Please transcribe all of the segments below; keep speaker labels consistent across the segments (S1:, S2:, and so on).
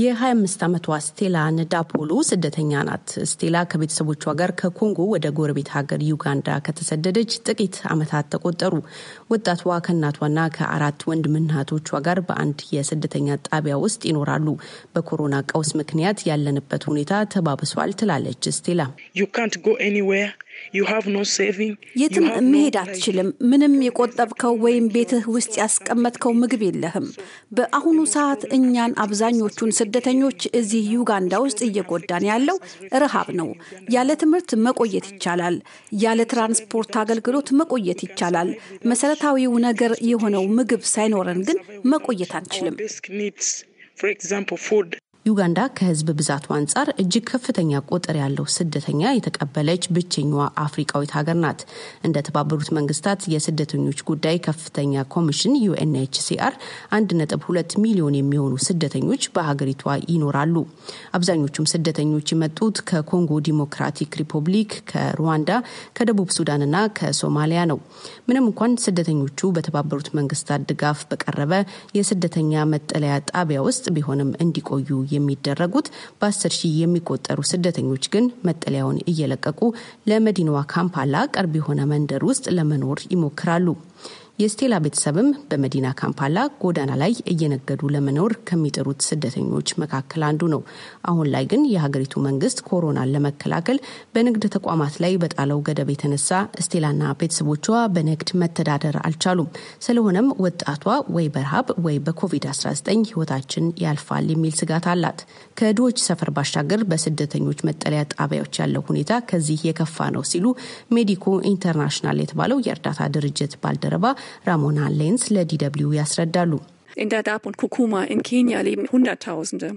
S1: የ25 ዓመቷ ስቴላ ንዳፖሎ ስደተኛ ናት። ስቴላ ከቤተሰቦቿ ጋር ከኮንጎ ወደ ጎረቤት ሀገር ዩጋንዳ ከተሰደደች ጥቂት ዓመታት ተቆጠሩ። ወጣቷ ከእናቷና ከአራት ወንድም እናቶቿ ጋር በአንድ የስደተኛ ጣቢያ ውስጥ ይኖራሉ። በኮሮና ቀውስ ምክንያት ያለንበት ሁኔታ ተባብሷል ትላለች ስቴላ
S2: የትም መሄድ አትችልም። ምንም የቆጠብከው ወይም ቤትህ ውስጥ ያስቀመጥከው ምግብ የለህም። በአሁኑ ሰዓት እኛን አብዛኞቹን ስደተኞች እዚህ ዩጋንዳ ውስጥ እየጎዳን ያለው ረሃብ ነው። ያለ ትምህርት መቆየት ይቻላል። ያለ ትራንስፖርት አገልግሎት መቆየት ይቻላል። መሰረታዊው ነገር የሆነው ምግብ ሳይኖረን ግን መቆየት አንችልም።
S1: ዩጋንዳ ከህዝብ ብዛቱ አንጻር እጅግ ከፍተኛ ቁጥር ያለው ስደተኛ የተቀበለች ብቸኛዋ አፍሪቃዊት ሀገር ናት። እንደ ተባበሩት መንግስታት የስደተኞች ጉዳይ ከፍተኛ ኮሚሽን ዩኤንኤችሲአር 1.2 ሚሊዮን የሚሆኑ ስደተኞች በሀገሪቷ ይኖራሉ። አብዛኞቹም ስደተኞች የመጡት ከኮንጎ ዲሞክራቲክ ሪፐብሊክ፣ ከሩዋንዳ፣ ከደቡብ ሱዳንና ከሶማሊያ ነው። ምንም እንኳን ስደተኞቹ በተባበሩት መንግስታት ድጋፍ በቀረበ የስደተኛ መጠለያ ጣቢያ ውስጥ ቢሆንም እንዲቆዩ የሚደረጉት በአስር ሺህ የሚቆጠሩ ስደተኞች ግን መጠለያውን እየለቀቁ ለመዲናዋ ካምፓላ ቅርብ የሆነ መንደር ውስጥ ለመኖር ይሞክራሉ። የስቴላ ቤተሰብም በመዲና ካምፓላ ጎዳና ላይ እየነገዱ ለመኖር ከሚጥሩት ስደተኞች መካከል አንዱ ነው። አሁን ላይ ግን የሀገሪቱ መንግስት ኮሮናን ለመከላከል በንግድ ተቋማት ላይ በጣለው ገደብ የተነሳ ስቴላና ቤተሰቦቿ በንግድ መተዳደር አልቻሉም። ስለሆነም ወጣቷ ወይ በረሃብ ወይ በኮቪድ-19 ህይወታችን ያልፋል የሚል ስጋት አላት። ከድሆች ሰፈር ባሻገር በስደተኞች መጠለያ ጣቢያዎች ያለው ሁኔታ ከዚህ የከፋ ነው ሲሉ ሜዲኮ ኢንተርናሽናል የተባለው የእርዳታ ድርጅት ባልደረባ ራሞና ሌንስ ለዲደብሊው ያስረዳሉ።
S2: In Dadaab und Kukuma in Kenia leben Hunderttausende.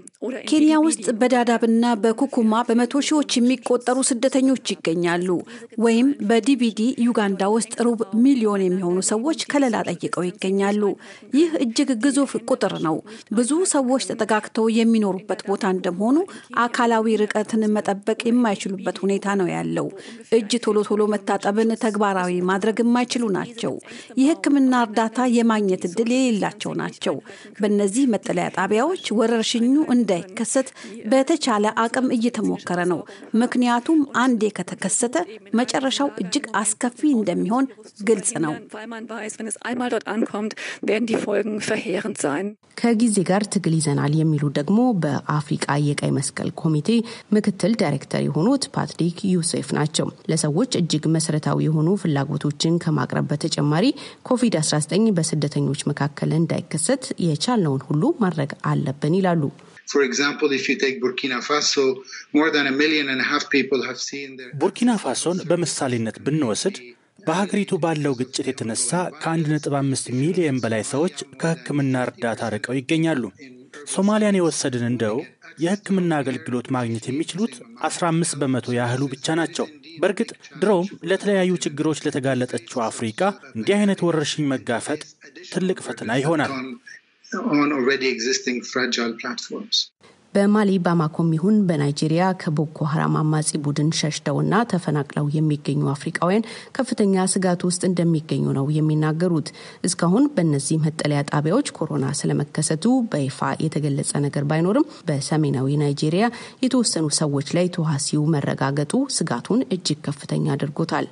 S2: ኬንያ ውስጥ በዳዳብና በኩኩማ በመቶ ሺዎች የሚቆጠሩ ስደተኞች ይገኛሉ። ወይም በዲቪዲ ዩጋንዳ ውስጥ ሩብ ሚሊዮን የሚሆኑ ሰዎች ከለላ ጠይቀው ይገኛሉ። ይህ እጅግ ግዙፍ ቁጥር ነው። ብዙ ሰዎች ተጠጋግተው የሚኖሩበት ቦታ እንደመሆኑ አካላዊ ርቀትን መጠበቅ የማይችሉበት ሁኔታ ነው ያለው። እጅ ቶሎ ቶሎ መታጠብን ተግባራዊ ማድረግ የማይችሉ ናቸው። የሕክምና እርዳታ የማግኘት እድል የሌላቸው ናቸው። ናቸው። በእነዚህ መጠለያ ጣቢያዎች ወረርሽኙ እንዳይከሰት በተቻለ አቅም እየተሞከረ ነው። ምክንያቱም አንዴ ከተከሰተ መጨረሻው እጅግ አስከፊ እንደሚሆን ግልጽ ነው።
S1: ከጊዜ ጋር ትግል ይዘናል የሚሉ ደግሞ በአፍሪቃ የቀይ መስቀል ኮሚቴ ምክትል ዳይሬክተር የሆኑት ፓትሪክ ዩሴፍ ናቸው። ለሰዎች እጅግ መሰረታዊ የሆኑ ፍላጎቶችን ከማቅረብ በተጨማሪ ኮቪድ-19 በስደተኞች መካከል እንዳይከሰት ለማበርከት የቻልነውን ሁሉ ማድረግ አለብን ይላሉ።
S2: ቡርኪና ፋሶን በምሳሌነት ብንወስድ በሀገሪቱ ባለው ግጭት የተነሳ ከ1.5 ሚሊዮን በላይ ሰዎች ከሕክምና እርዳታ ርቀው ይገኛሉ። ሶማሊያን የወሰድን እንደው የሕክምና አገልግሎት ማግኘት የሚችሉት 15 በመቶ ያህሉ ብቻ ናቸው። በእርግጥ ድሮም ለተለያዩ ችግሮች ለተጋለጠችው አፍሪካ እንዲህ አይነት ወረርሽኝ መጋፈጥ ትልቅ ፈተና ይሆናል።
S1: በማሊ ባማኮም ይሁን በናይጄሪያ ከቦኮ ሀራም አማጺ ቡድን ሸሽተውና ተፈናቅለው የሚገኙ አፍሪቃውያን ከፍተኛ ስጋት ውስጥ እንደሚገኙ ነው የሚናገሩት። እስካሁን በእነዚህ መጠለያ ጣቢያዎች ኮሮና ስለመከሰቱ በይፋ የተገለጸ ነገር ባይኖርም በሰሜናዊ ናይጄሪያ የተወሰኑ ሰዎች ላይ ተዋሲው መረጋገጡ ስጋቱን እጅግ ከፍተኛ አድርጎታል።